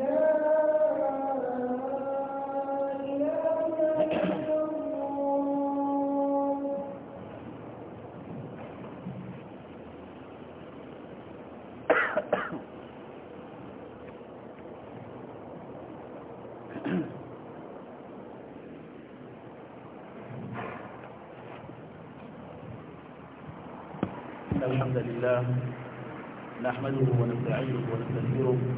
الحمد لله نحمده ونستعينه ونستغفره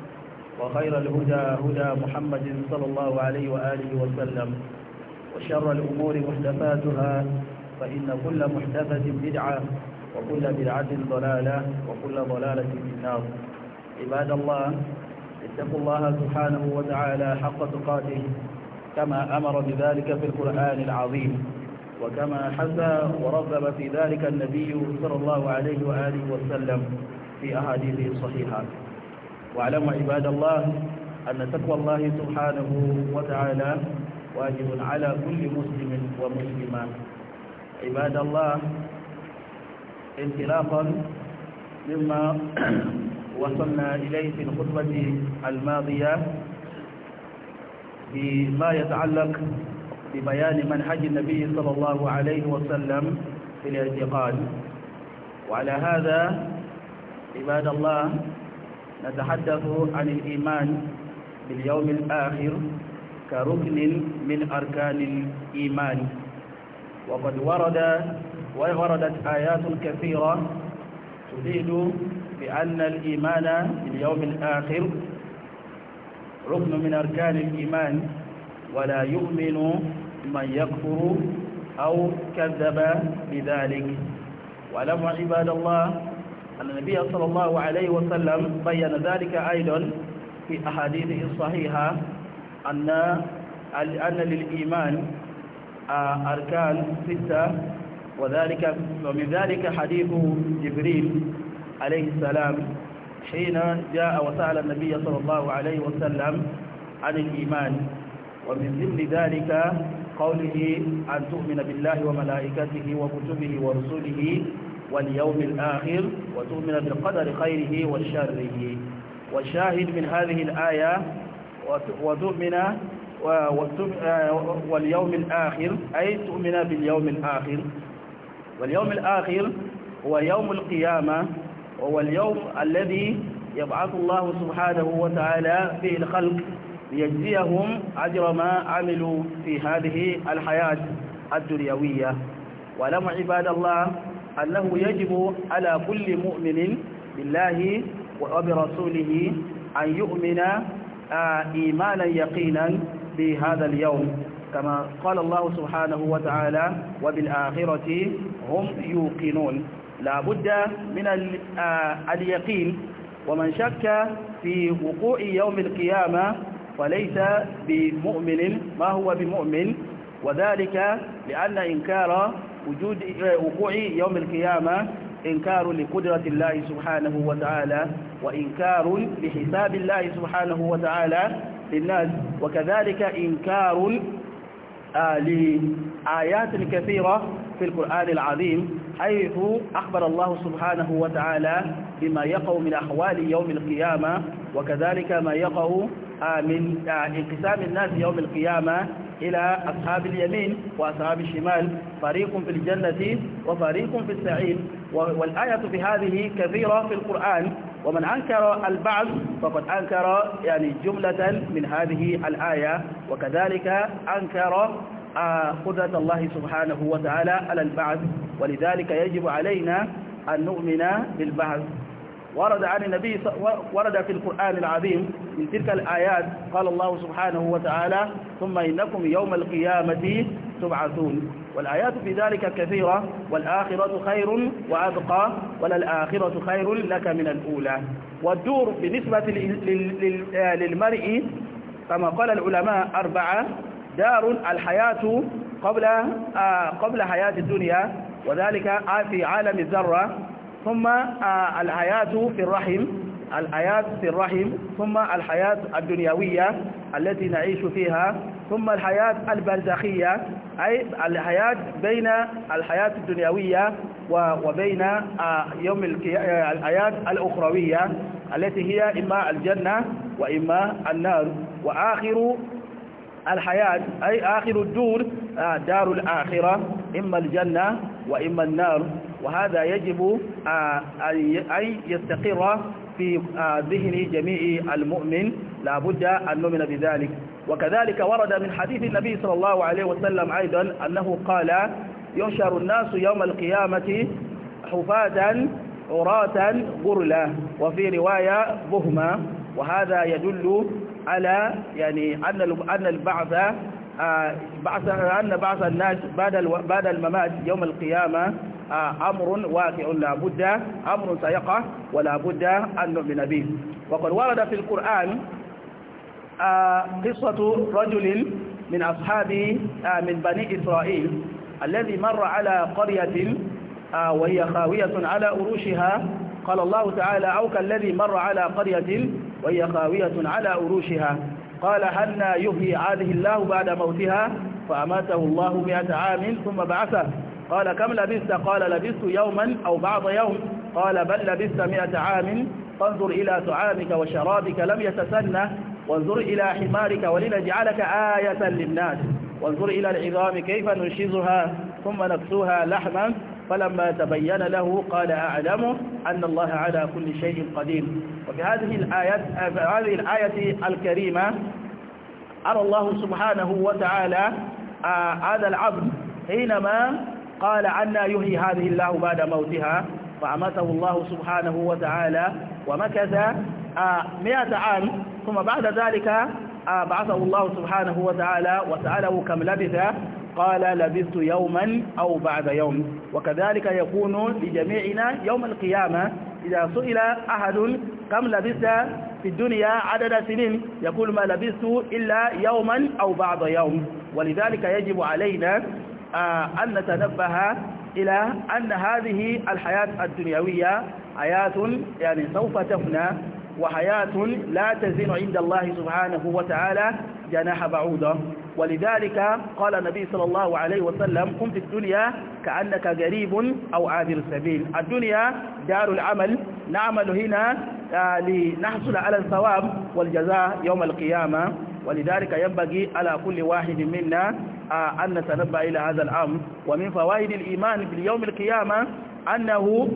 وخير الهدى هدى محمد صلى الله عليه وآله وسلم وشر الأمور محدثاتها فإن كل محدثة بدعة وكل بدعة ضلالة وكل ضلالة في النار عباد الله اتقوا الله سبحانه وتعالى حق تقاته كما أمر بذلك في القرآن العظيم وكما حذى ورغب في ذلك النبي صلى الله عليه وآله وسلم في أحاديثه الصحيحة واعلموا عباد الله أن تقوى الله سبحانه وتعالى واجب على كل مسلم ومسلمة عباد الله انطلاقا مما وصلنا إليه في الخطبة الماضية بما يتعلق ببيان منهج النبي صلى الله عليه وسلم في الاعتقاد وعلى هذا عباد الله نتحدث عن الإيمان باليوم الآخر كركن من أركان الإيمان وقد ورد ووردت آيات كثيرة تفيد بأن الإيمان باليوم الآخر ركن من أركان الإيمان ولا يؤمن من يكفر أو كذب بذلك ولم عباد الله أن النبي صلى الله عليه وسلم بين ذلك أيضا في أحاديثه الصحيحة أن أن للإيمان آه، أركان ستة وذلك ومن ذلك حديث جبريل عليه السلام حين جاء وسأل النبي صلى الله عليه وسلم عن الإيمان ومن ضمن ذلك قوله أن تؤمن بالله وملائكته وكتبه ورسله واليوم الآخر وتؤمن بالقدر خيره وشره والشاهد من هذه الآية وتؤمن آه، واليوم الآخر أي تؤمن باليوم الآخر واليوم الآخر هو يوم القيامة وهو اليوم الذي يبعث الله سبحانه وتعالى فيه الخلق ليجزيهم أجر ما عملوا في هذه الحياة الدنيوية ولم عباد الله أنه يجب على كل مؤمن بالله وبرسوله أن يؤمن آه، إيمانا يقينا بهذا اليوم كما قال الله سبحانه وتعالى وبالآخرة هم يوقنون لا بد من آه، اليقين ومن شك في وقوع يوم القيامة فليس بمؤمن ما هو بمؤمن وذلك لأن إنكار وجود آه، وقوع يوم القيامة إنكار لقدرة الله سبحانه وتعالى وإنكار لحساب الله سبحانه وتعالى للناس وكذلك إنكار آه، لآيات كثيرة في القرآن العظيم حيث أخبر الله سبحانه وتعالى بما يقع من أحوال يوم القيامة وكذلك ما يقع آه، من انقسام الناس يوم القيامة إلى أصحاب اليمين وأصحاب الشمال فريق في الجنة وفريق في السعيد والآية في هذه كثيرة في القرآن ومن أنكر البعث فقد أنكر يعني جملة من هذه الآية وكذلك أنكر آه، قدرة الله سبحانه وتعالى على البعث ولذلك يجب علينا أن نؤمن بالبعث ورد عن النبي ورد في القرآن العظيم من تلك الآيات قال الله سبحانه وتعالى ثم إنكم يوم القيامة تبعثون والآيات في ذلك كثيرة والآخرة خير وأبقى وللآخرة خير لك من الأولى والدور بالنسبة آه، للمرء كما قال العلماء أربعة دار الحياة قبل آه، قبل حياة الدنيا وذلك في عالم الذرة ثم آه، الحياة في الرحم الحياة في الرحم ثم الحياة الدنيوية التي نعيش فيها ثم الحياة البرزخية أي الحياة بين الحياة الدنيوية وبين آه، يوم آه، الحياة الأخروية التي هي إما الجنة وإما النار وآخر الحياة أي آخر الدور دار الآخرة إما الجنة وإما النار وهذا يجب آه، أن يستقر في آه، ذهن جميع المؤمن لا بد أن نؤمن بذلك وكذلك ورد من حديث النبي صلى الله عليه وسلم أيضا أنه قال يحشر الناس يوم القيامة حفاة عراة غرلا وفي رواية بهما وهذا يدل على يعني أن أن البعث آه، بعث أن بعث الناس بعد بعد الممات يوم القيامة أمر واقع لا بد أمر سيقع ولا بد أن نؤمن به وقد ورد في القرآن آه، قصة رجل من أصحاب آه، من بني إسرائيل الذي مر على قرية آه، وهي خاوية على أروشها قال الله تعالى أو كالذي مر على قرية وهي خاوية على أروشها قال هل يحيي عليه الله بعد موتها فأماته الله مئة عام ثم بعثه قال كم لبثت قال لبثت يوما أو بعض يوم قال بل لبثت مئة عام فانظر إلى طعامك وشرابك لم يتسنى وانظر إلى حمارك ولنجعلك آية للناس وانظر إلى العظام كيف ننشزها ثم نكسوها لحما فلما تبين له قال أعلم أن الله على كل شيء قدير وفي هذه الآية في هذه الآية الكريمة أرى الله سبحانه وتعالى آه، هذا العبد حينما قال عنا يحيي هذه الله بعد موتها فأماته الله سبحانه وتعالى ومكث آه، مئة عام ثم بعد ذلك آه، بعثه الله سبحانه وتعالى وسأله كم لبث قال لبثت يوما أو بعد يوم وكذلك يكون لجميعنا يوم القيامة إذا سئل أحد كم لبثت في الدنيا عدد سنين يقول ما لبثت إلا يوما أو بعض يوم ولذلك يجب علينا آه، أن نتنبه إلى أن هذه الحياة الدنيوية حياة يعني سوف تفنى وحياة لا تزن عند الله سبحانه وتعالى جناح بعوضة ولذلك قال النبي صلى الله عليه وسلم قم في الدنيا كأنك غريب أو عابر سبيل الدنيا دار العمل نعمل هنا آه، لنحصل على الثواب والجزاء يوم القيامة ولذلك ينبغي على كل واحد منا آه، أن نتنبأ إلى هذا الأمر ومن فوائد الإيمان باليوم القيامة أنه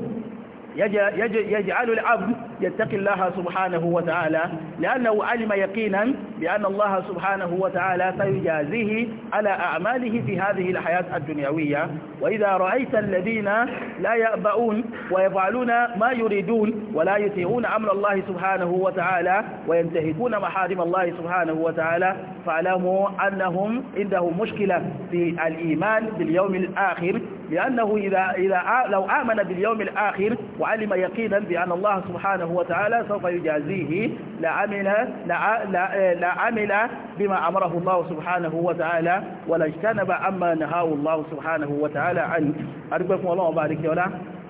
يجعل العبد يتقي الله سبحانه وتعالى لأنه علم يقينا بأن الله سبحانه وتعالى سيجازيه على أعماله في هذه الحياة الدنيوية وإذا رأيت الذين لا يأبؤون ويفعلون ما يريدون ولا يطيعون أمر الله سبحانه وتعالى وينتهكون محارم الله سبحانه وتعالى فاعلموا أنهم عندهم مشكلة في الإيمان باليوم الآخر لأنه إذا, إذا لو آمن باليوم الآخر وعلم يقينا بأن الله سبحانه وتعالى سوف يجازيه لعمل, لعمل بما أمره الله سبحانه وتعالى ولا اجتنب عما نهاه الله سبحانه وتعالى عنه أرجوكم الله وبارك ولا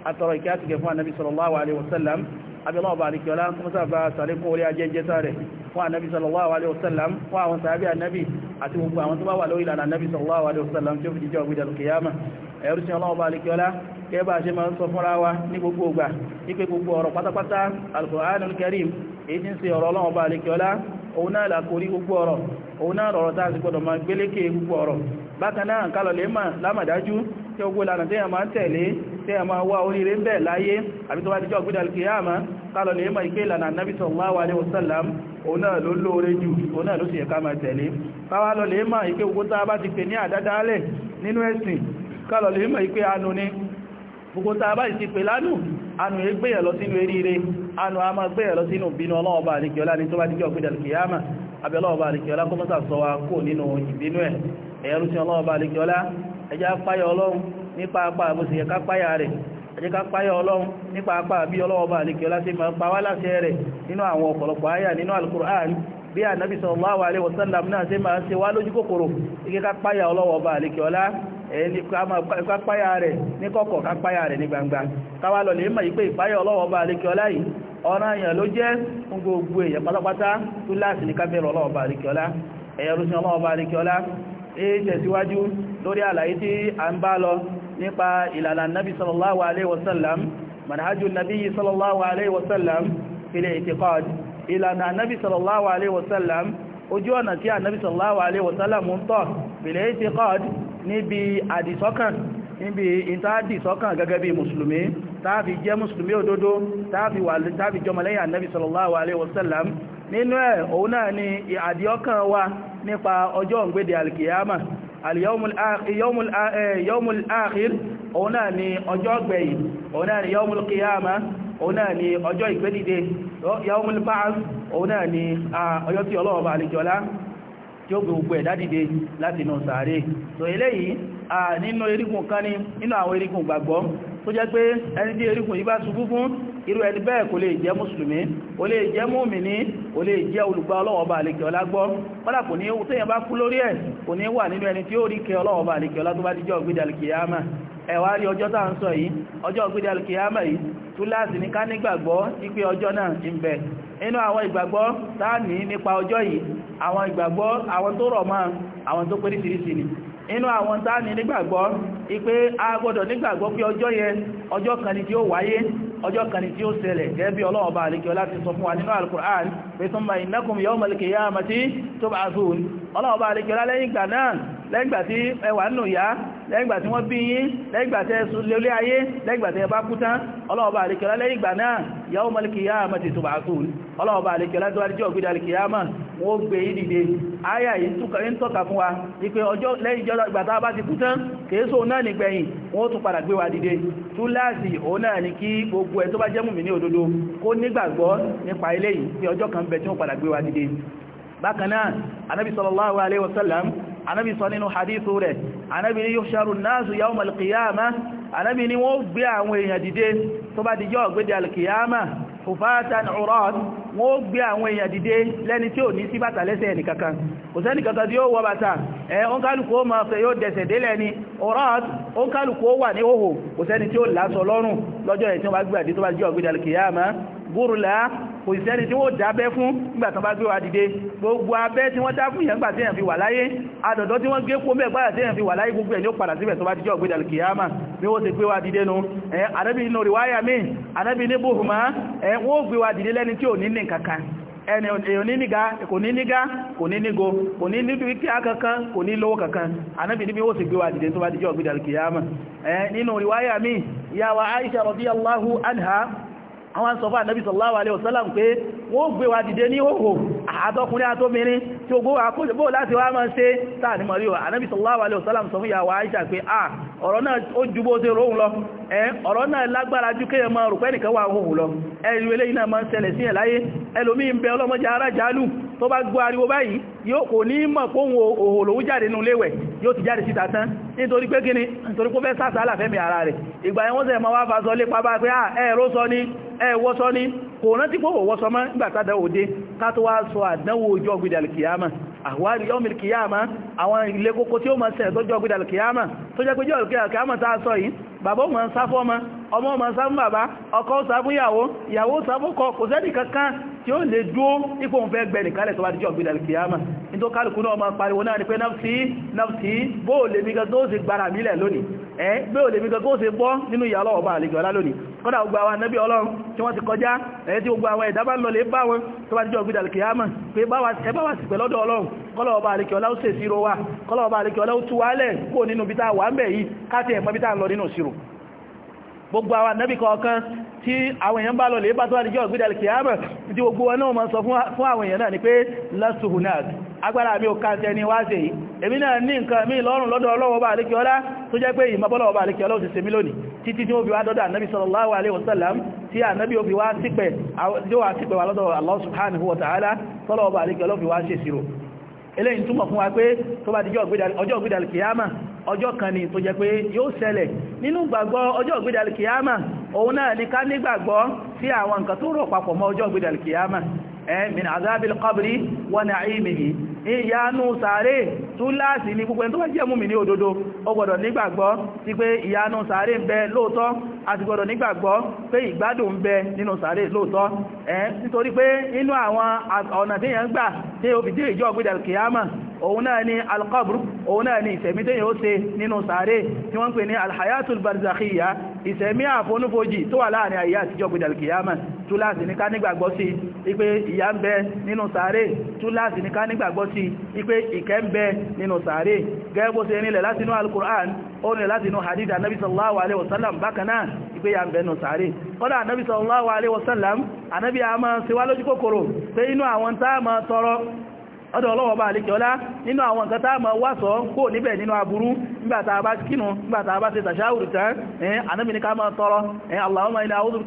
أتركات كفوا النبي صلى الله عليه وسلم أبي الله وبارك ولا متابعة عليكم ولأجل fún ànábì sallallahu alaihi wasallam fún àwọn sàábí ànábì àti gbogbo àwọn tó bá wà lórí ìlànà ànábì sallallahu alaihi wasallam tí ó fi jíjọ ẹ̀rù sí ọlọ́wọ́ bá alikiola kẹba ṣe máa ń sọ fúnra wa ní gbogbo ògbà wípé gbogbo ọ̀rọ̀ pátápátá alquranul karim èyí tí ń ṣe ọ̀rọ̀ ọlọ́wọ́ bá alikiola òun náà làkórí gbogbo ọ̀rọ̀ òun náà lọ̀rọ̀ tá a sì gbọdọ̀ máa gbélékè gbogbo ọ̀rọ̀ bákan náà kálọ̀ lè mà lámàdájú tí ó gbólànà tí a Nabi sallallahu alaihi wasallam òun náà ló lóore jù òun náà ló sì yẹ ká máa tẹ̀lé káwá lọ lè mà ìpé ògbótá bá ti pè ní àdádálẹ̀ nínú ẹ̀sìn kálọ̀ lè mọ̀ ìpé anú ní gbogbo tàbá ìsìpè lánù egbe ẹgbẹ̀yẹ̀ lọ sínú eríire anù a máa gbẹ̀yẹ̀ lọ sínú bínú ọlọ́ọ̀bà àríkẹ́ọlá ní tó bá díjọ́ pẹ̀dẹ̀ kìyàmà abẹ́lọ́ọ̀bà àríkẹ́ọlá kó mọ́sà sọ wa kó nínú ìbínú ẹ̀ ẹ̀yẹ́rú sí ọlọ́ọ̀bà àríkẹ́ọlá ẹjá páyà ọlọ́run nípa apá àbúsì ẹ̀ká páyà rẹ̀ ẹjẹ́ká páyà ẹni kápáyà rẹ̀ ní kọ̀kọ̀ kápáyà rẹ̀ ní gbangba káwà lọ lè mọ̀ ìpé ìpáyà ọlọ́wọ́ bá alékẹ́ ọlá yìí ọ̀rọ̀ àyàn ló jẹ́ fún gbogbo èèyàn pátápátá tó láti ní kábẹ̀rẹ̀ ọlọ́wọ́ bá alékẹ́ ọlá ẹ̀yẹrúsìn ọlọ́wọ́ bá alékẹ́ ọlá ẹ tẹ̀síwájú lórí àlàyé tí a ń bá lọ nípa ìlànà nabi sallallahu alaihi wasallam manhajul nabi sallallahu alaihi wasallam fil i'tiqad ìlànà nabi sallallahu alaihi wasallam ojú ọ̀nà tí a nabi sallallahu alaihi wasallam ń tọ̀ fil i'tiqad níbi àdìsọ́kàn níbi ìtàdìsọ́kàn gẹ́gẹ́ bí mùsùlùmí tàbí jẹ́ mùsùlùmí òdodo tàbí jọmọlẹ́yìn annabi sallallahu alaihi wasallam nínú ẹ̀ òun náà ni àdìọ́kàn wa nípa ọjọ́ òǹgbèdè alkiyama al-yawmul akhir òun náà ni ọjọ́ gbẹ̀yìn òun náà ni yawmul qiyama òun náà ni ọjọ́ ìgbédìde yawmul ba'th òun náà ni ọjọ́ tí ọlọ́ọ̀bà àlejọ́lá tí ó gbogbo ẹ̀dá dìde láti inú sàárè so eléyìí a nínú erigun kan ní nínú àwọn erigun gbàgbọ́ tó jẹ́ pé ẹni tí erigun yìí bá ṣubú fún irú ẹni bẹ́ẹ̀ kò lè jẹ́ mùsùlùmí kò lè jẹ́ mùmìní kò lè jẹ́ olùgbà ọlọ́wọ̀ba àlekẹ́ ọlá gbọ́ kọ́lá kò ẹ̀wà rí ọjọ́ tàà ń sọ yìí ọjọ́ ọgbẹ́dẹ̀ alkiyama yìí túláàsì ní ká nígbàgbọ́ ipé ọjọ́ náà ń bẹ nínú àwọn ìgbàgbọ́ tàà ní nípa ọjọ́ yìí àwọn ìgbàgbọ́ àwọn tó rọ̀ mọ́ àwọn tó péríṣiríṣi ni inú àwọn tá ni tí ó wáyé ọjọ́ kan ni tí ó ṣẹlẹ̀ gẹ́gẹ́ bí Ọlọ́run bá àríkẹ́ ọlá ti Al-Qur'an pé tó máa ìnákùn yọ́ mọ̀lẹ̀kẹ̀ yá àmà tí tó bá fún ọlọ́ọ̀bá alẹ́kẹ̀ọ́lá lẹ́yìn ìgbà náà lẹ́yìngbà tí ẹwà nù yá lẹ́yìngbà tí wọ́n bí yín lẹ́yìngbà tí ẹsùn lórí ayé lẹ́yìngbà tí ẹ bá kú tán ọlọ́ọ̀bá alẹ́kẹ̀ọ́lá lẹ́yìngbà náà yawma al-qiyamah ti tùbà àtún ọlọ́ọ̀bá alẹ́kẹ̀ọ́lá tó wá díjọ́ ògbìdà alẹ́kẹ̀ọ́lá wọ́n gbé yí dìde ayà yìí ń tọ́ka fún wa ní pé ọjọ́ lẹ́yìn jọ́ ìgbà tá bá ti kan bẹ̀ tí ó padà gbé wa dìde bákan náà anábi sallallahu alaihi wasallam anábi sọ nínú hadithu rẹ̀ anábi ni yuhsharu an-nasu yawm al-qiyamah anábi ni wọ́n gbé àwọn èèyàn dìde tó bá dìjọ́ ọ̀gbẹ́dì al-qiyama urat wọ́n gbé àwọn èèyàn gúrùlá kò sí ẹni tí wọ́n dábẹ́ fún nígbà tán bá gbé wa dìde gbogbo abẹ́ tí wọ́n dá fún ìyẹn gbà tí èèyàn fi wà láyé àdọ̀dọ̀ tí wọ́n gé kó mẹ́ gbáyà tí èèyàn fi wà láyé gbogbo ẹ̀ ní ó padà síbẹ̀ tó bá dijọ́ ògbé dàlùkì yáàmà bí wọ́n ti gbé wa dìde nu ẹ̀ anábì nínú rìwáyà míì anábì ní bùhùmá ẹ̀ wọ́n gbé wa dìde lẹ́ni tí ò ní ní kankan ẹni oníníga kò ní níga kò ní nígo kò ní nídúkìá kankan kò ní lówó kankan anábì níbi ó sì gbé wa dìde tó bá dìjọ́ gbídàlì kìyàmà nínú riwaya mi yàwà Aisha radiyallahu anha àwọn sọfà nàbí sallallahu alaihi wasallam pé wọ́n gbé wa dìde ní òhò àtọkùnrin àtọmìnrin tí ó gbówà kó láti wá máa ṣe táà ní mọ̀rí wà nàbí sallallahu alaihi wasallam sọ fún ìyàwó Àìṣà pé à ọ̀rọ̀ náà ó ju bó ṣe róhun lọ ẹ̀ ọ̀rọ̀ náà lágbára ju kéèyàn máa rò pẹ́nìkan wà hóhùn lọ ẹ̀rù eléyìí máa ń ṣẹlẹ̀ sí ẹ̀ láyé ń bẹ ọlọ́mọdé ara jálù tó bá gbọ́ ariwo báyìí yóò kò ní mọ̀ kóhun òhò lòun jáde nínú léwẹ̀ yóò ti jáde síta tán nítorí pé kíni nítorí pé fẹ́ sásà aláfẹ́mì ara rẹ̀ ìgbà ẹ̀wọ́n sẹ̀ ma wá fa sọ lé pàbá pé à ẹ̀rọ sọ ní ẹ̀wọ́ sọ ní kò rántí pé òwọ́ sọ mọ́ nígbàtàdà òde ká tó wá sọ àdánwò ojú bàbá ọmọ ń sáfọ́ ọmọ ọmọ ọmọ sá fún bàbá ọkọ sá fún ìyàwó ìyàwó sá fún ọkọ kò sẹ́nì kankan tí ó lè dúó ipò òun fẹ́ gbẹ̀nìkálẹ̀ tó bá díjọ́ gbẹ̀dàlì kìyàmà ní tó kálùkù náà ma pariwo náà ni pé náfsí náfsí bóòlè mi gan tó sì gbára mílẹ̀ lónìí ẹ́ bóòlè mi gan tó sì bọ́ nínú ìyà ọlọ́ọ̀bá àlejò ọlá lónìí kọ́dà gbogbo àwọn anábí ọlọ́run tí wọ́n ti kọjá ẹ̀yẹ́ tí gbogbo àwọn ẹ̀dá bá lọ lè bá wọn tó bá jíjọ gbídà lèkè ámà pé ẹ bá wà sí pẹ̀ lọ́dọ̀ ọlọ́run gbogbo àwọn ànábì kọ̀ọ̀kan tí àwọn èèyàn bá lọ lè bá tó àdíjọ́ ìgbìdà alkiyama tí gbogbo wọn náà ma sọ fún àwọn èèyàn náà ni pé lasuhunag agbára mi ò káńtẹ ni wá sí èmi náà ní nǹkan mi lọ́rùn lọ́dọ̀ ọlọ́wọ́ bá alékẹ́ ọlá tó jẹ́ pé ìmọ̀bọ́lọ́wọ́ bá alékẹ́ ọlọ́wọ́ ti se mí lónìí títí tí ó fi wá dọ́dọ̀ ànábì sallallahu alaihi wasallam tí ànábì ó fi wá ọjọ́ kan ni tó jẹ́ pé yóò ṣẹlẹ̀ nínú gbàgbọ́ ọjọ́ ògbédàlì kìyàmà òun náà ni ká nígbàgbọ́ sí àwọn nǹkan tó rọ̀ papọ̀ mọ́ ọjọ́ ògbédàlì kìyàmà min azabil qabri wa na'imihi ìyanu sàárè túláàsì ní gbogbo ẹni tó bá jẹ́ mùmínì ní òdodo ó gbọ́dọ̀ nígbàgbọ́ sí pé ìyanu sàárè ń bẹ lóòtọ́ àti gbọ́dọ̀ nígbàgbọ́ pé ìgbádùn ń bẹ nínú òun náà ni alqabr òun náà ni ìsẹ̀mí tí yóò ṣe nínú sàárè tí wọ́n pè ní alhayatul barzakhiyya ìsẹ̀mí àfonúfojì tó wà láàrin ayé àtijọ́ gbìdàlkìyàmà túláàsì ní ká nígbàgbọ́ sí ipé ìyà ń bẹ nínú sàárè túláàsì ní ká nígbàgbọ́ sí ipé ìkẹ́ ń bẹ nínú sàárè gẹ́gbó se nílẹ̀ látinú al-Qur'an ó nílẹ̀ látinú hadith anabi sallallahu alaihi wasallam bákanáà ipé ìyà ń bẹ nínú sàárè kọ́dá anabi sallallahu alaihi wasallam anabi a máa ṣe wá lójú kòkòrò pé inú àwọn tá a máa tọrọ ọdọ̀ ọlọ́wọ́ bá alékẹ́ ọlá nínú àwọn nǹkan tá ma wá sọ kó níbẹ̀ nínú aburú nígbàtà bá kínú nígbàtà bá ṣe tàṣáwùrù tán ẹ̀yìn anábìnrin ká máa tọrọ ẹ̀yìn allahumma ina a'udhu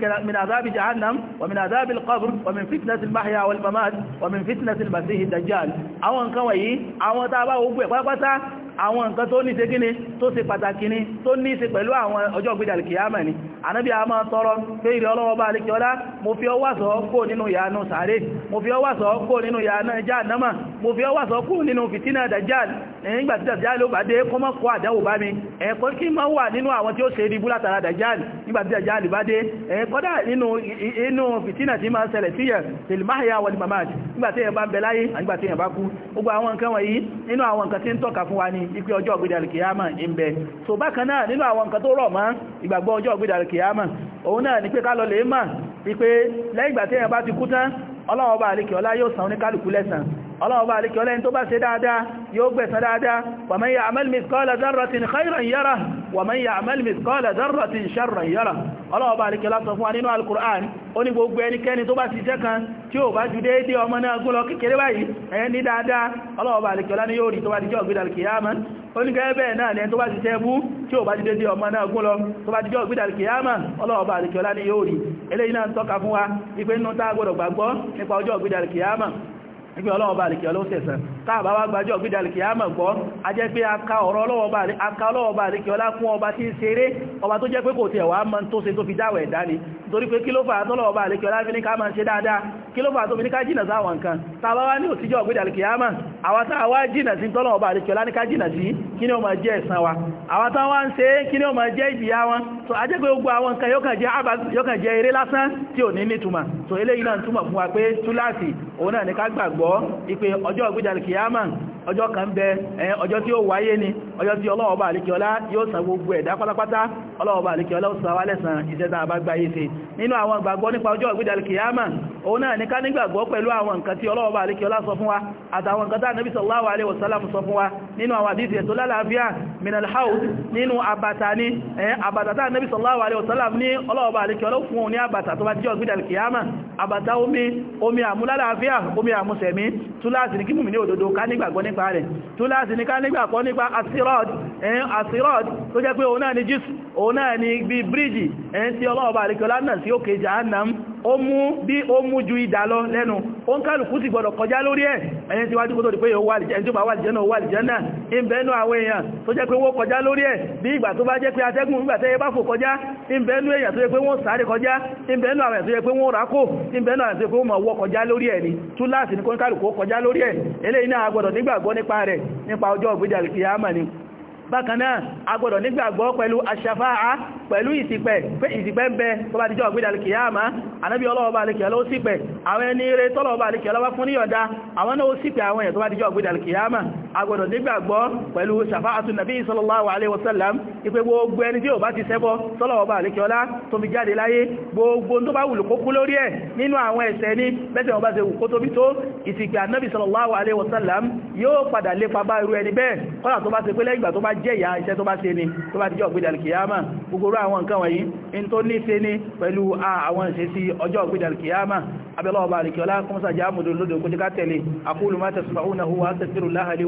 bika àwọn nǹkan tó ní ṣe kíni tó ṣe pàtàkì ni tó ní ṣe pẹ̀lú àwọn ọjọ́ gbídàlì kìyàmà ni ànábì a máa tọrọ pé ìrẹ ọlọ́wọ́ bá alékẹ́ ọlá mo fi ọwà sọ kó nínú ìyanu sàárè mo fi ọwà sọ kó nínú ìyanu jáànámà mo fi ọwà sọ kó nínú fìtínà dàjáàlì ẹ̀yìngbà tí dàjáàlì ó bá dé kó mọ́ mi ẹ̀kọ́ kí máa wà nínú àwọn tí ó ṣe rí búlátara dàjáàlì nígbà tí dàjáàlì bá dé ẹ̀kọ́dà nínú fìtínà tí máa ṣẹlẹ̀ síyẹ̀ tèlmáhìyà wọlé mamad nígbà tí ẹ̀ bá ń bẹ láyé àgbà tí ẹ̀ bá kú gbogbo àwọn nǹkan wọ̀nyí nínú àwọn nǹkan tí ń tọ́ka fún wa ni ipé ọjọ́ ọgbẹ̀dàlìkìyàmà ń bẹ so bákan náà nínú àwọn nǹkan tó rọ̀ mọ́ ìgbàgbọ́ ọjọ́ ọgbẹ̀dàlìkìyàmà òun náà ni pé ká lọ lè mà wípé lẹ́yìn ìgbà tí èèyàn bá ti kú tán ọlọ́run ọba àlekè ọlá yóò san oníkálùkù lẹ́san ọlọ́ọ̀bá alikẹ́ ọlẹ́yìn tó bá ṣe dáadáa yóò gbẹ̀san dáadáa wa man ya'mal mithqala dharratin khayran yarah wa man ya'mal mithqala dharratin sharran yarah ọlọ́ọ̀bá alikẹ́ lásọ fún wa nínú al-Qur'an ó ní gbogbo ẹnikẹ́ni tó bá ṣiṣẹ́ kan tí ó bá ju déédé ọmọ náà gúnlọ kékeré báyìí ẹ̀yẹn ní dáadáa ọlọ́ọ̀bá alikẹ́ ọlá ni yóò rí tó bá dijọ́ gbídà kìyàmá ó ní gẹ́gẹ́ bẹ́ẹ̀ náà lẹ́yìn tó bá ṣiṣẹ́ bú tí ó bá ju déédé ọmọ náà gúnlọ tó bá dijọ́ gbídà kìyàmá ọlọ́ọ̀bá alikẹ́ ọlá ni yóò rí nígbà ọlọ́wọ́ bá àlìkẹ́ ọlọ́wọ́ tẹ̀sán káàbá wá gbájọ́ gbídà àlìkẹ́ àmà gbọ́ a jẹ́ pé aka ọ̀rọ̀ ọlọ́wọ́ bá àlìkẹ́ ọlá fún ọba tí ń ṣeré ọba tó jẹ́ pé kò tẹ̀ wá mọ́ tó ṣe tó fi dáwẹ̀ dání torí pé kí ló fà tọ́lọ́wọ́ bá àlìkẹ́ ọlá fi ní ká máa ṣe dáadáa kí ló fà tó fi ní ká jìnà ni ó máa jẹ́ ẹ̀san wa àwọn tá wá ń ṣe so a jẹ́ pé gbogbo àwọn nǹkan yóò kàn jẹ́ eré lásán tí ò ní nítumọ̀ so eléyìí náà túmọ̀ fún wa pé túláàsì òun náà ní ká gbàgbọ́ gbàgbọ́ ipé ọjọ́ ìgbéjàlì kìyàmà ọjọ́ kan bẹ ọjọ́ tí ó wáyé ni ọjọ́ tí ọlọ́ọ̀bá àlíkíọlá yóò san gbogbo ẹ̀dá pátápátá ọlọ́ọ̀bá àlíkíọlá ó san wá lẹ́san ìṣẹ́ta àbágbáyé ṣe nínú àwọn ìgbàgbọ́ nípa ọjọ́ ìgbéjàlì kìyàmà òun náà ní ká nígbàgbọ́ pẹ̀lú àwọn nǹkan tí ọlọ́ọ̀bá àlíkíọlá sọ fún wa àtàwọn nǹkan tá nàbí sallallahu alaihi wasallam sọ fún wa nínú àwọn àdíṣì ètò lálàáfíà minal haus nínú àbàtà ní àbàtà tá nàbí sallallahu alaihi wasallam ní ọlọ́ọ̀bá àlíkíọlá fún òun ní àbàtà tó bá jẹ́ ẹ̀mí túláàsì ní kí mùmí ní òdodo ká nígbàgbọ́ nípa rẹ̀ túláàsì ní ká nígbàgbọ́ nípa asirod ẹ̀yìn asirod tó jẹ́ pé òun náà ni jísù òun náà ni bí bíríjì ẹ̀yìn tí ọlọ́ọ̀bà àríkọlá náà sí òkè jahannam ó mú bí ó mú ju ìdá lọ lẹ́nu ó ń kálùkú sì gbọ́dọ̀ kọjá lórí ẹ̀ ẹni tí wájú kó tó di pé o wa lìjẹ́ tó bá wà lìjẹ́ náà wà lìjẹ́ náà ìbẹ̀ẹ́nú àwọn èèyàn tó jẹ́ pé wọ́n kọjá lórí ẹ̀ bí ìgbà tó bá jẹ́ pé atẹ́gùn ìgbà tẹ́yẹ kọjá ìbẹ̀ẹ́nú èèyàn tó jẹ́ pé wọ́n kọjá ìbẹ̀ẹ́nú àwọn èèyàn tó jẹ́ ni bákanáà agbọ́dọ̀ nígbàgbọ́ pẹ̀lú aṣafáà pẹ̀lú ìsìpẹ̀ pé ìsìpẹ̀ ń bẹ tó bá dijọ́ ọ̀gbẹ́dà alìkìyàmá anábí ọlọ́ọ̀bá alìkìyàlá ó sípẹ̀ àwọn ẹni rẹ̀ tọ́lọ̀ọ̀bá alìkìyàlá wá fún ní ọ̀dá àwọn náà ó sípẹ̀ àwọn èèyàn tó bá dijọ́ ọ̀gbẹ́dà alìkìyàmá sallallahu alaihi wasallam ipé gbogbo ẹni tí ó bá ti ṣẹbọ sọ́lọ̀ọ̀bá alìkìyàlá tó fi jáde láyé gbogbo tó bá wùlù kókú lórí ẹ̀ nínú àwọn ẹ̀ṣẹ̀ ní bẹ́tẹ̀ ọba sallallahu alaihi wasallam yóò padà lépa bá irú ẹni bẹ́ẹ̀ kọ́nà tó bá ṣe jẹ́yà iṣẹ́ tó bá ṣe ni tó bá ti jẹ́ ọ̀gbẹ̀dẹ̀ alkiyama gbogbo àwọn nǹkan wọ̀nyí in tó ní ṣe ní pẹ̀lú àwọn ìṣẹ́sí ọjọ́ ọ̀gbẹ̀dẹ̀ alkiyama abẹ́lọ́ ọba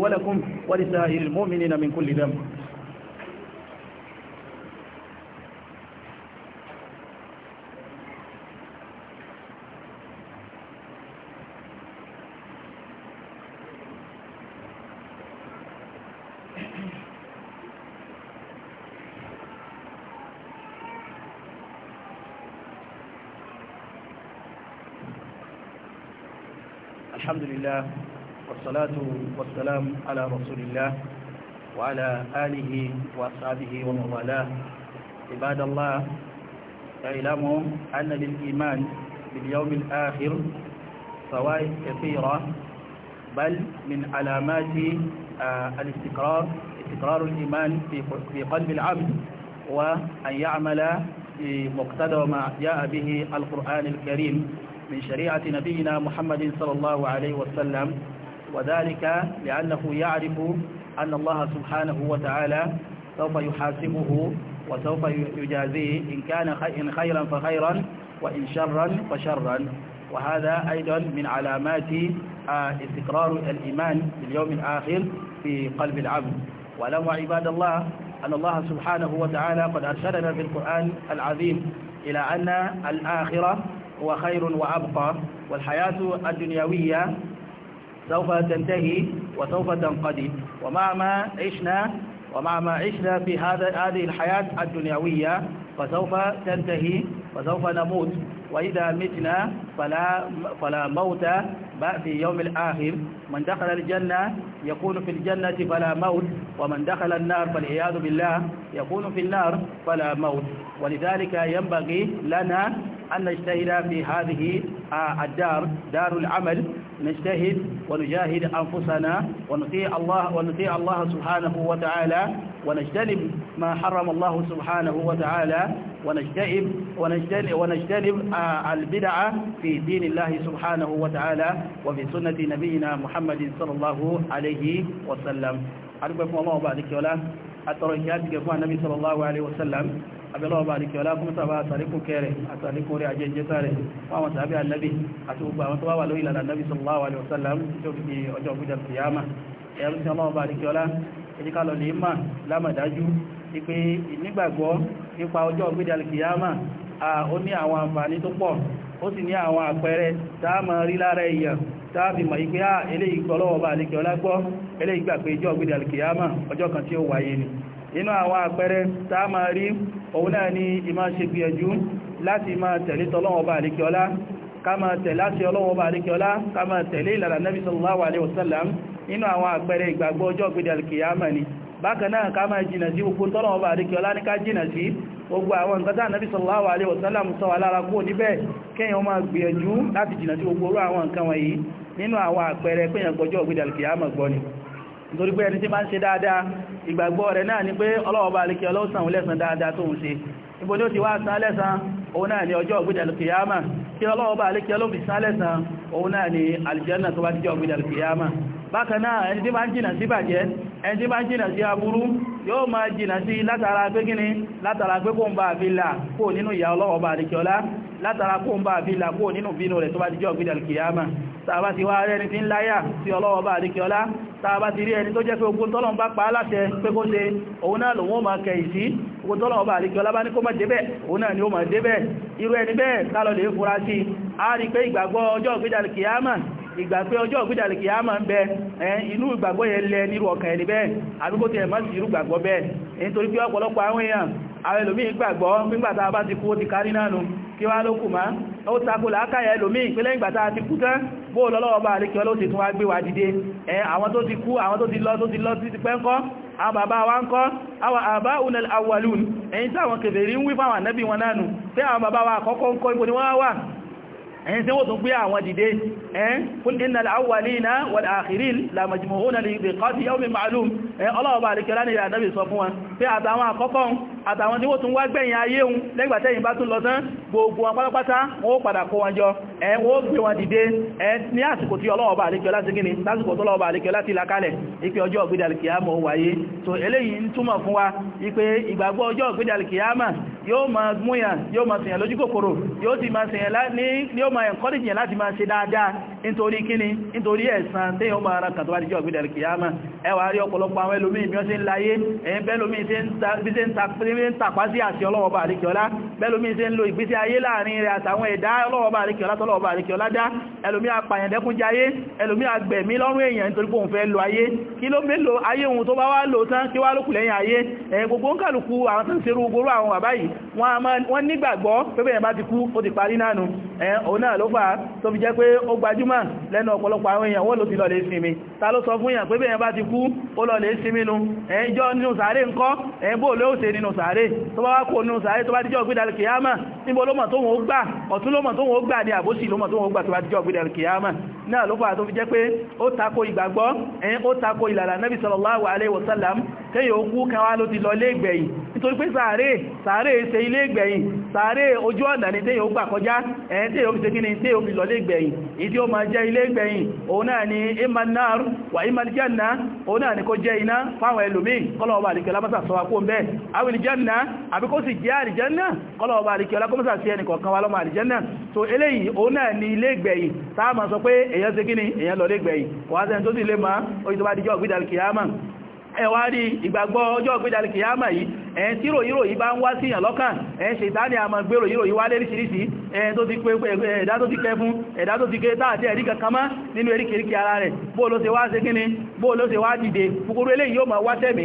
wa lakum wa lisa'iril mu'minina min kulli dhanb الله والصلاة والسلام على رسول الله وعلى آله وأصحابه ومن والاه عباد الله اعلموا أن للإيمان باليوم الآخر فوائد كثيرة بل من علامات آه، الاستقرار استقرار الإيمان في قلب العبد وأن يعمل بمقتضى ما جاء به القرآن الكريم من شريعة نبينا محمد صلى الله عليه وسلم وذلك لأنه يعرف أن الله سبحانه وتعالى سوف يحاسبه وسوف يجازيه إن كان خيرا فخيرا وإن شرا فشرا وهذا أيضا من علامات آه، استقرار الإيمان باليوم الآخر في قلب العبد ولو عباد الله أن الله سبحانه وتعالى قد أرشدنا في القرآن العظيم إلى أن الآخرة وخير وأبقى والحياة الدنيوية سوف تنتهي وسوف تنقضي ومع ما عشنا ومع ما عشنا في هذا هذه الحياة الدنيوية فسوف تنتهي وسوف نموت وإذا متنا فلا, فلا موت في يوم الآخر من دخل الجنة يكون في الجنة فلا موت ومن دخل النار فالعياذ بالله يكون في النار فلا موت ولذلك ينبغي لنا أن نجتهد في هذه آه، الدار دار العمل نجتهد ونجاهد أنفسنا ونطيع الله ونطيع الله سبحانه وتعالى ونجتنب ما حرم الله سبحانه وتعالى ونجتنب ونجتنب, ونجتنب آه، البدعة في دين الله سبحانه وتعالى وفي سنة نبينا محمد صلى الله عليه وسلم أربعة الله بعدك ولا أخوان النبي صلى الله عليه وسلم abẹ́lọ́wọ́ bá àríkẹ́ ọlá fún sábà àtàríkùn kẹrẹ àtàríkùn rẹ̀ àjẹjẹta rẹ̀ tàbí ànábì àti gbogbo àwọn tó wà lórí ìlànà ànábì sallallahu alaihi wasallam tó fi di ọjọ́ òkúta kìyàmà ẹ̀rù tí ọlọ́wọ́ bá àríkẹ́ ọlá ẹjíkálọ̀ lè mà lámàdájú wípé ìnígbàgbọ́ nípa ọjọ́ òkúta kìyàmà ó ní àwọn àǹfààní tó pọ̀ ó sì ní àwọn àpẹẹrẹ táàmà rí lára èèyàn táàbì mọ̀ ìpé eléyìí gbọ́lọ́wọ́ bá àlékẹ́ ọlágbọ́ eléyìí gbà pé ìjọ́ ògbèdè alìkìyàmà ọjọ́ kan tí ó wáyé ni inú àwọn àpẹẹrẹ táàmà òun náà ni ìmá ṣe gbìyànjú láti máa tẹ̀lé tọ́lọ́wọ́ bá àríkíọlá ká máa tẹ̀lé àti ọlọ́wọ́ bá àríkíọlá ká máa tẹ̀lé ìlànà nẹ́bí sallallahu alaihi wasallam nínú àwọn àpẹẹrẹ ìgbàgbọ́ ọjọ́ ìgbèdè alkiyama ni bákan náà ká máa jìnà sí gbogbo tọ́lọ́wọ́ bá àríkíọlá ní ká jìnà sí gbogbo àwọn nǹkan tá nàbí sallallahu alaihi wasallam sọ alára kúrò níbẹ̀ nítorí pé ẹni tí máa ń ṣe dáadáa ìgbàgbọ́ rẹ̀ náà ni pé ọlọ́ọ̀bá alikẹ́ ọlọ́sàn lẹ́sàn dáadáa tó ń ṣe ibo ni ó ti wá sán lẹ́sàn òun náà ni ọjọ́ ọ̀gbẹ́dàlùkìyàmà kí ọlọ́ọ̀bá alikẹ́ ọlọ́fì sán òun náà ni alìjẹ́nà tó bá jíjọ́ ọ̀gbẹ́dàlùkìyàmà bákan náà ẹni tí bá ń jìnà sí bàjẹ́ ẹni tí bá ń jìnà sí aburú yóò máa jìnà sí látara pé kíni látara pé kó ń bá àfi là kó nínú ìyà ọlọ́wọ́ bá àdìkíọlá látara kó ń bá àfi là kó nínú bínú rẹ̀ tó bá dijọ́ gbídà kìyàmà tàbá ti wá rẹni pa á láṣẹ pé kó ṣe òun náà lòun ó máa kẹ̀yì sí ogun tọ́lọ̀ bá àdìkíọlá bá ní kó má débẹ̀ òun náà ni ó máa débẹ̀ irú ẹni bẹ́ẹ̀ kìyàmà ìgbà pé ọjọ́ ògbìdàlẹ̀ kìí a máa ń bẹ inú ìgbàgbọ́ yẹn lẹ nírú ọkàn ẹni bẹ́ẹ̀ àdúgbò tí ẹ̀mọ́ sí irú gbàgbọ́ bẹ́ẹ̀ nítorí pé ọ̀pọ̀lọpọ̀ àwọn èèyàn àwọn ẹlòmí gbàgbọ́ nígbàtà bá ti kú ó ti kárí náà nù kí wá ló kù má ó takò láákàyà ẹlòmí ìpínlẹ̀ ìgbàtà ti kú tán bó unel awalun ẹ̀yìn tí àwọn kèfèrí ń wí fáwọn ànábì wọn náà nù wa ẹ̀yìn tí wọ́n tún gbé àwọn dìde ẹ̀yìn kul innal awwalina wal akhirin la majmu'una li miqati yawmin ma'lum ọlọ́ọ̀bà àríkẹ́lá ní ìrànlẹ́bì sọ fún wọn pé àtàwọn àkọ́kọ́ àtàwọn tí wó tún wá gbẹ̀yìn ayé un lẹ́gbàtẹ́yìn bá tún lọ tán gbogbo wọn pátápátá wọn ó padà kó wọn jọ ẹ wọ́n gbé wọn dìde ẹ ní àsìkò tí ọlọ́ọ̀bà àlejò láti gíní lásìkò tó lọ́ọ̀bà àlejò láti lakalẹ̀ ọjọ́ ògbédàlìkìyàmọ̀ so eléyìí ń túmọ̀ fún wa ipé ìgbàgbọ́ ọjọ́ ògbédàlìkìyàmọ̀ yóò ma múyàn yóò ma sèyàn lójú kòkòrò yóò ti ma sèyàn ní yóò ma encourage yàn láti ma ṣe dáadáa nítorí kíni nítorí ẹ̀san tí yóò ma ran sí ń tàpá sí àti ọlọ́wọ́ba àríkẹ́ọlá bẹ́lómi sí ń lo ìgbésí ayé láàrin rẹ̀ àtàwọn ẹ̀dá ọlọ́wọ́ba àríkẹ́ọlá tọ́lọ́wọ́ba àríkẹ́ọlá dá ẹlòmí apàyàndẹ́kúnjayé ẹlòmí agbẹ̀mí lọ́rùn èèyàn nítorí pé òun fẹ́ lo ayé kí ló mélòó ayé òun tó bá wá lò tán kí wá lókù lẹ́yìn ayé ẹ̀yìn gbogbo ń kàlùkù àwọn tó ń serú ogoro àwọn àbáyìí wọ́n nígbàgbọ́ pẹ́bẹ̀ yẹn bá ti kú ó ti parí nánu ẹ̀yìn òun náà ló fà tó fi jẹ́ pé ó gbajúmọ̀ lẹ́nu ọ̀pọ̀lọpọ̀ àwọn èèyàn wọ́n ló ti lọ lè sinmi ta ló sọ fún yàn nínú sàárè tó bá wá kó nínú sàárè tó bá díjọ́ gbídà kìyàmà níbo ló mọ̀ tó wọ́n gbà ọ̀tún ló mọ̀ tó wọ́n gbà ní àbóṣì ló mọ̀ tó wọ́n gbà tó bá díjọ́ gbídà kìyàmà náà ló fà tó fi jẹ́ pé ó tako ìgbàgbọ́ ẹ̀yìn ó tako ìlànà nabi sallallahu alaihi wasallam kéyàn ó kú kan wá ló ti lọ lé ìgbẹ̀yìn nítorí pé sàárè sàárè ṣe ilé ìgbẹ̀yìn sàárè ojú ọ̀nà ní tí yóò gbà kọjá ẹ̀yìn tí yóò fi ṣe kí ni tí yóò fi lọ lé ìgbẹ̀yìn ìdí o máa jẹ́ ilé ìgbẹ̀yìn òun náà ni iman nar wà iman janna òun náà ni kó jẹ́ iná fáwọn ẹlòmíì kọlọ̀ọba àríkẹ́ so eléyìí òun náà ni ilé ìgbẹ̀yìn táà ni èèyàn lọ lé ìgbẹ̀yìn kò wá sẹ́ni tó sì lè máa ó yí ẹ̀wà rí ìgbàgbọ́ ọjọ́ gbídàlì kìyàmà yìí ẹ̀yìn tí ròyìnrò yìí bá ń wá síyàn lọ́kàn ẹ̀yìn ṣètánì àmà gbé ròyìnrò yìí wá léríṣìíríṣìí ẹ̀yìn tó ti pé ẹ̀dá tó ti kẹ fún ẹ̀dá tó ti ké táàtí ẹ̀rí kankan mọ́ nínú eríkèríkè ara rẹ̀ bó ló ṣe wá ṣe kíni bó ló ṣe wá dìde kúkúrú eléyìí yóò máa wá tẹ̀mí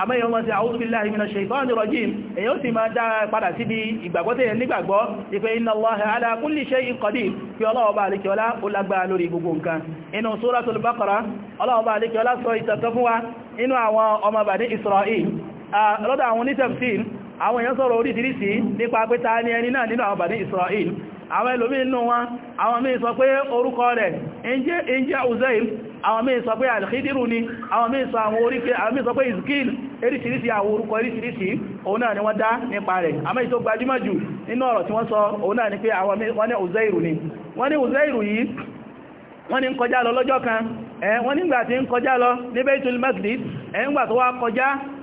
àmọ́ èèyàn máa ṣe a'udhu billahi minash shaitanir rajim èèyàn ó sì máa dá padà síbi ìgbàgbọ́ tẹ̀yẹ nígbàgbọ́ ìpé inna Allaha ala kulli shay'in qadir inú Suratul Baqara ọlọ́ọ̀bá àlekẹ́ọlá sọ ìtàn fún wa inú àwọn ọmọ Bani Isra'il lọ́dọ̀ àwọn onítẹ̀mtín àwọn èèyàn sọ̀rọ̀ oríṣiríṣi nípa pé ta ni ẹni náà nínú àwọn bàní Israel àwọn ẹlòmí inú wọn àwọn míì sọ pé orúkọ rẹ̀ injẹ́ Uzair àwọn míì sọ pé alhidiru ni àwọn míì sọ àwọn oríkẹ́ àwọn míì sọ pé iskil eríṣiríṣi àwọn orúkọ eríṣiríṣi òun náà ni wọ́n dá nípa rẹ̀ àmọ́ ìtò gbajúmọ̀ jù nínú ọ̀rọ̀ tí wọ́n sọ òun náà ni pé àwọn wọ́n ní Uzairu ni wọ́n ní Uzairu yìí wọ́n ní ń kọjá lọ lọ́jọ́ kan ẹ̀ wọ́n nígbà tí ń kọjá lọ ní Baitul Maqdis gbà tó wá kọjá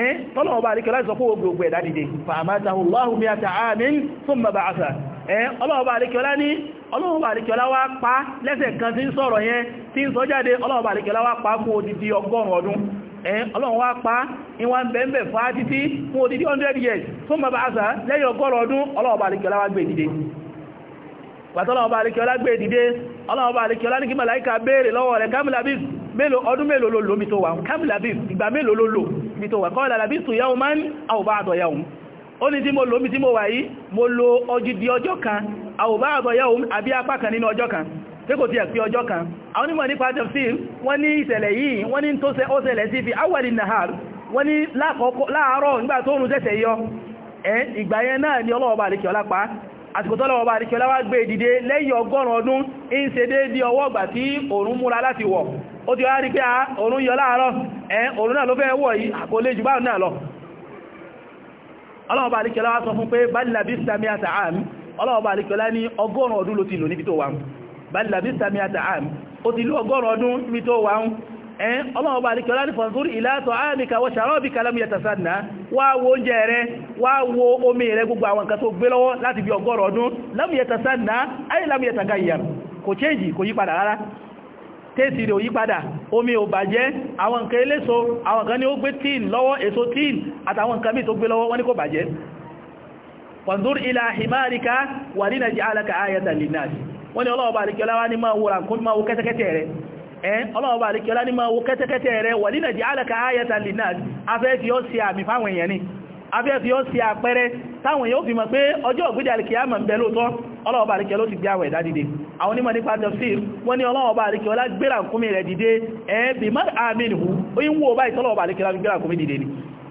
Eh, tọ́lọ̀ ọba àríkẹ́ láti sọ pé gbogbo ẹ̀dá dìde fàmátàhùláhùn mi àtà àmín fún bàbá àṣà eh, ọlọ́ọ̀bá àríkẹ́ọlá ní ọlọ́ọ̀bá wá pa lẹ́sẹ̀ kan tí ń sọ̀rọ̀ yẹn tí ń sọ jáde pa odidi wá pa odidi ọgọ́rùn ọdún eh, gbàtọ́lọ́wọ́bá alékiọlá gbé ìdìdé ọlọ́wọ́bá alékiọlá ní kí màláíkà béèrè lọ́wọ́ rẹ̀ kamilabis mélòó ọdún mélòó ló lómi tó wà kamilabis ìgbà mélòó ló lò ibi tó wà kọ́ ìlàlàbí sùn yáwó máa ń àwòbá àdọ̀ yáwó ó ní tí mo lómi tí mo wà yìí mo lo ọjídí ọjọ́ kan àwòbá àdọ̀ yáwó àbí apá kan nínú ọjọ́ kan tí kò ti ẹ̀pí ọjọ́ kan àwọn onímọ̀ nípa tafsir wọ́n ní ìṣẹ̀lẹ̀ yìí wọ́n ní tó ṣẹlẹ̀ sí fi awwal nahar wọ́n ní láàárọ̀ nígbà tó oòrùn tẹ́sẹ̀ yọ ẹ̀ ìgbà yẹn náà ni ọlọ́ọ̀bà àsìkò tọ́lọ̀wọ̀ bá àríkẹ́ ọlọ́wà gbé ìdìde lẹ́yìn ọgọ́rùn ọdún ń ṣe déédé ọwọ́ ọgbà tí òòrùn múra láti wọ̀ ó ti wá rí pé òòrùn yọ láàárọ̀ ẹ òòrùn náà ló fẹ́ wọ̀ yìí kò lè jù bá náà lọ ọlọ́wọ̀ bá àríkẹ́ ọlọ́wà sọ fún pé bálàbí sami àtàám ọlọ́wọ̀ bá àríkẹ́ ọlọ́run bá alikẹ́ ọlọ́run fọ̀nkúrú ìlàtọ̀ àmìkà wọ́n ṣàrọ́bì kalamu yàtàsánà wá wo oúnjẹ rẹ wá wo omi rẹ gbogbo àwọn nǹkan tó gbé lọ́wọ́ láti bí ọgọ́rọ̀ ọdún lamu yàtàsánà ayé lamu yàtàgáyà kò change kò yípadà rárá tẹ́sì rẹ̀ òyípadà omi ò bàjẹ́ àwọn nǹkan eléso àwọn nǹkan ní ó gbé tíìn lọ́wọ́ wọ́n alaka ayatan linnas wọ́n ni ọlọ́ọ̀bà àríkẹ́lá wá ní máa wo kẹ́tẹ́kẹ́tẹ́ rẹ̀ ọlọ́wọ́ bá alékẹ́ láti máa wo kẹ́tẹ́kẹ́tẹ́ rẹ̀ wà nínà jẹ́ alẹ́ka ayẹta linus afẹ́ fi ó sí àmì fáwọn èèyàn ni afẹ́ fi ó sí àpẹẹrẹ táwọn èèyàn fi mọ̀ pé ọjọ́ ògbídà alékẹ́ àmà ń bẹ lóòtọ́ ọlọ́wọ́ bá alékẹ́ ló ti gbé àwẹ̀ dádìde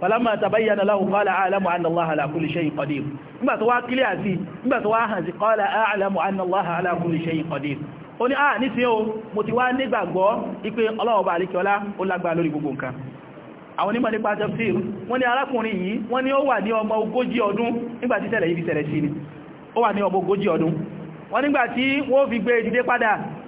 falamma tabayyana lahu qala a'lamu anna allaha ala kulli shay'in qadir nígbà tó wá kílẹ̀ àti nígbà tó wá hàn sí qala a'lamu anna allaha ala kulli shay'in qadir ó ní àà nísìn o mo ti wá nígbàgbọ́ ipé ọlọ́ọ̀bà àríkíọlá ó lágbà lórí gbogbo nǹkan àwọn onímọ̀ nípa tafsir wọ́n ní arákùnrin yìí wọ́n ní ó wà ní ọmọ ogójì ọdún nígbàtí ṣẹlẹ̀ yìí fi ṣẹlẹ̀ sí ni ó wà ní ọmọ ogójì ọdún wọ́n nígbàtí wọ́n fi gbé ìdìdé padà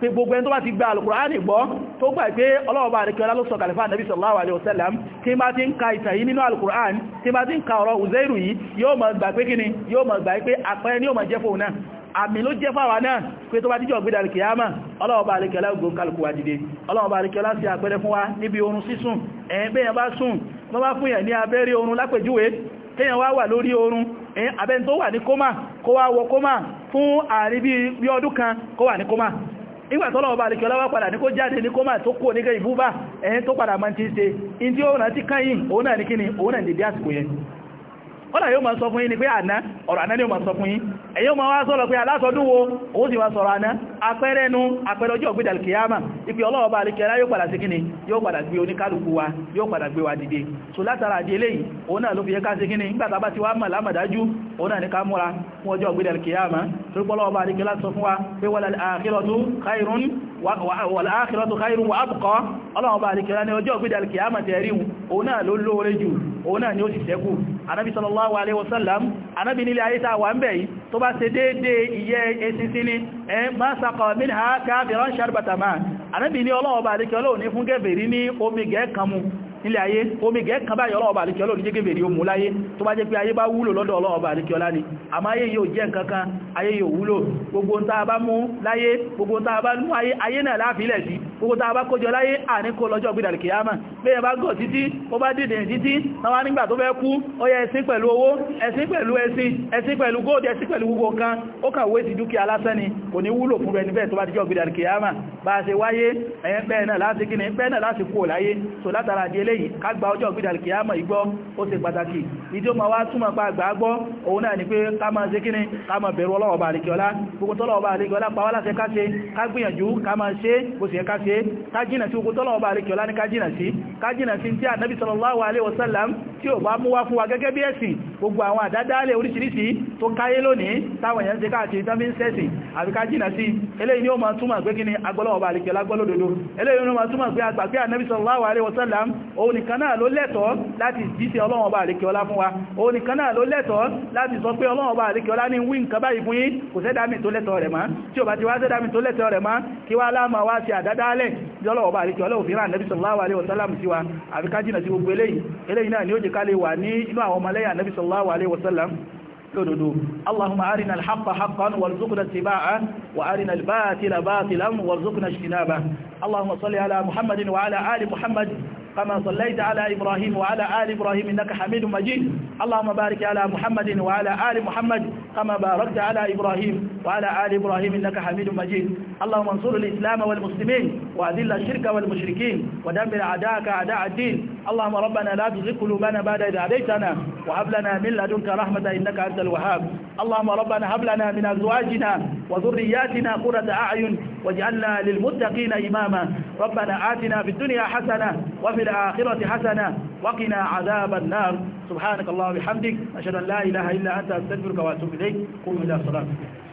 pé gbogbo ẹni tó bá ti gba Al-Qur'ani gbọ́ tó gbà pé ọlọ́ọ̀bá àríkẹ́ ọlá ló sọ kàlífà nàbí sallallahu alaihi wasallam tí bá ti ń ka ìtàn yìí nínú Al-Qur'ani tí bá ti ń ka ọ̀rọ̀ Uzairu yìí yóò mọ̀ gbà pé kíni yóò mọ̀ gbà pé àpẹẹrẹ ni yóò mọ̀ jẹ́ fóun náà àmì ló jẹ́ wá wà lórí oorun ẹ̀yìn abẹ́ni tó wà ní kómà kó wá wọ kómà fún àríbí bí ọdún kan kó wà ní kómà nígbàtọ́lọ̀ ọba àríkẹ́ ọlọ́wà padà ní kó jáde ní kó máa tó kó nígbà ìbúbá ẹ̀yìn tó padà mọ́ ti ṣe in tí ó rántí káyìn òun náà ní kíni òun náà dìde àsìkò yẹn kọ́nà yóò máa sọ fún yín ni pé àná ọ̀rọ̀ àná ni yóò máa sọ fún yín ẹ̀yọ́ máa wá sọ̀rọ̀ pé alásọdún wo ó sì wá sọ̀rọ̀ àná apẹ́rẹ́ nu apẹ́rẹ́ ojú ọ̀gbẹ́dà kìyàmà ipi ọlọ́ọ̀bá alikẹ́lá yóò padà sí kíni yóò padà gbé oníkálukú wa yóò padà gbé wa dìde so látara àdí eléyìí òun náà ló fi yẹ ká sí kíni nígbà tá a bá ti wá mọ̀ lámàdájú òun náà ní ká múra fún ọjọ́ ọ̀gbẹ́dà kìyàmà torí pọ́lọ́ọ̀bá alikẹ́lá ọlọ́ọ̀bá alikẹ́lá ní sallallahu alaihi wasallam anabi nílé ayé tàà wà ń bẹ̀ yìí tó bá ṣe iye esisi ni ẹ ma saqa minha kafiran sharbata ma anabi ní ọlọ́ọ̀bà àdíkẹ́ ọlọ́ọ̀ ní fún gẹ́bẹ̀rí ní omi gẹ́ẹ̀kanmu nílé ayé omi gẹ́ kan báyìí ọlọ́ọ̀bà àríkẹ́ ọlọ́run jẹ́ gẹ́bẹ̀rẹ̀ ohun láyé tó bá jẹ́ pé ayé bá wúlò lọ́dọ̀ ọlọ́ọ̀bà àríkẹ́ ọlá ni àmọ́ ayé yóò jẹ́ nǹkan kan ayé yóò wúlò gbogbo ń tàbá mú láyé gbogbo ń tàbá mú ayé ayé náà láàfilẹ̀ sí gbogbo tàbá kójọ láyé àníkó lọ́jọ́ gbìdàlì kìyàmà bí ẹ bá gọ̀ títí ó bá dìde títí náwà nígbà tó fẹ́ kú ó yẹ ẹ̀sìn pẹ̀lú owó ẹ̀sìn pẹ̀lú ẹ̀sìn ẹ̀sìn pẹ̀lú góòdì ẹ̀sìn pẹ̀lú gbogbo kan ó kà wé ti dúkìá lásán ni kò ní wúlò fún rẹ níbẹ̀ tó bá dijọ́ gbìdàlì kìyàmà bá a ṣe wáyé ẹ̀yẹn bẹ́ẹ̀ náà láti kí ni bẹ́ẹ̀ náà láti kú ò láyé so látara di eléyìí ká gba ọjọ́ ìgbìdà kìyàmọ̀ ìgbọ́ ó ṣe pàtàkì ìdí ó ma wá túnmọ̀ pa àgbà gbọ́ òun náà ni pé ká máa ṣe kíni ká máa bẹ̀rù ọlọ́ọ̀bà àríkẹ́ọlá gbogbo tọ́lọ̀ọ̀bà àríkẹ́ọlá pa wá láṣẹ ká ṣe ká gbìyànjú ká máa ṣe bó ṣe ká ṣe ká jìnà sí gbogbo tọ́lọ̀ọ̀bà àríkẹ́ọlá ní ká jìnà sí ká jìnà sí tí ànábì sallallahu alaihi wasallam tí ò bá mú wá fún wa gẹ́gẹ́ bí ẹ̀sìn gbogbo àwọn àdádálẹ̀ oríṣiríṣi tó káyé lónìí táwọn èèyàn ṣe káàkiri tán fi ń sẹ́sìn àbí ká jìnà sí eléyìí ni ó máa túmọ̀ pé kí ni agbọ́lọ́wọ́ bá àríkẹ́ọlá gbọ́lódodo eléyìí ni ó òun nìkan náà ló lẹ́tọ̀ọ́ láti jíṣẹ́ ọlọ́run ọba àríkẹ́ ọlá fún wa òun nìkan náà ló lẹ́tọ̀ọ́ láti sọ pé ọlọ́run ọba àríkẹ́ ọlá ní wí nǹkan báyìí fún yín kò sẹ́dámì tó lẹ́tọ̀ọ́ rẹ̀ mọ́ tí ó bá ti wá sẹ́dámì tó lẹ́tọ̀ọ́ rẹ̀ mọ́ kí wá láàmà wá sí àdádálẹ̀ ọlọ́run ọba àríkẹ́ ọlá òfin rán Nabi wa àfi ká jìnà sí gbogbo eléyìí eléyìí náà ni ó jẹ́ ká lè الحق حقا وارزقنا اتباعه وأرنا الباطل باطلا وارزقنا اجتنابه اللهم صل على محمد وعلى آل محمد كما صليت على إبراهيم وعلى آل إبراهيم إنك حميد مجيد اللهم بارك على محمد وعلى آل محمد كما باركت على إبراهيم وعلى آل إبراهيم إنك حميد مجيد اللهم انصر الإسلام والمسلمين وأذل الشرك والمشركين ودمر أعداءك أعداء الدين اللهم ربنا لا تزغ قلوبنا بعد إذ هديتنا وهب لنا من لدنك رحمة إنك أنت الوهاب اللهم ربنا هب لنا من أزواجنا وذرياتنا قرة أعين واجعلنا للمتقين إماما ربنا آتنا في الدنيا حسنة وفي الآخرة حسنة وقنا عذاب النار سبحانك اللهم وبحمدك أشهد أن لا إله إلا أنت أستغفرك وأتوب إليك قوم إلى صلاتك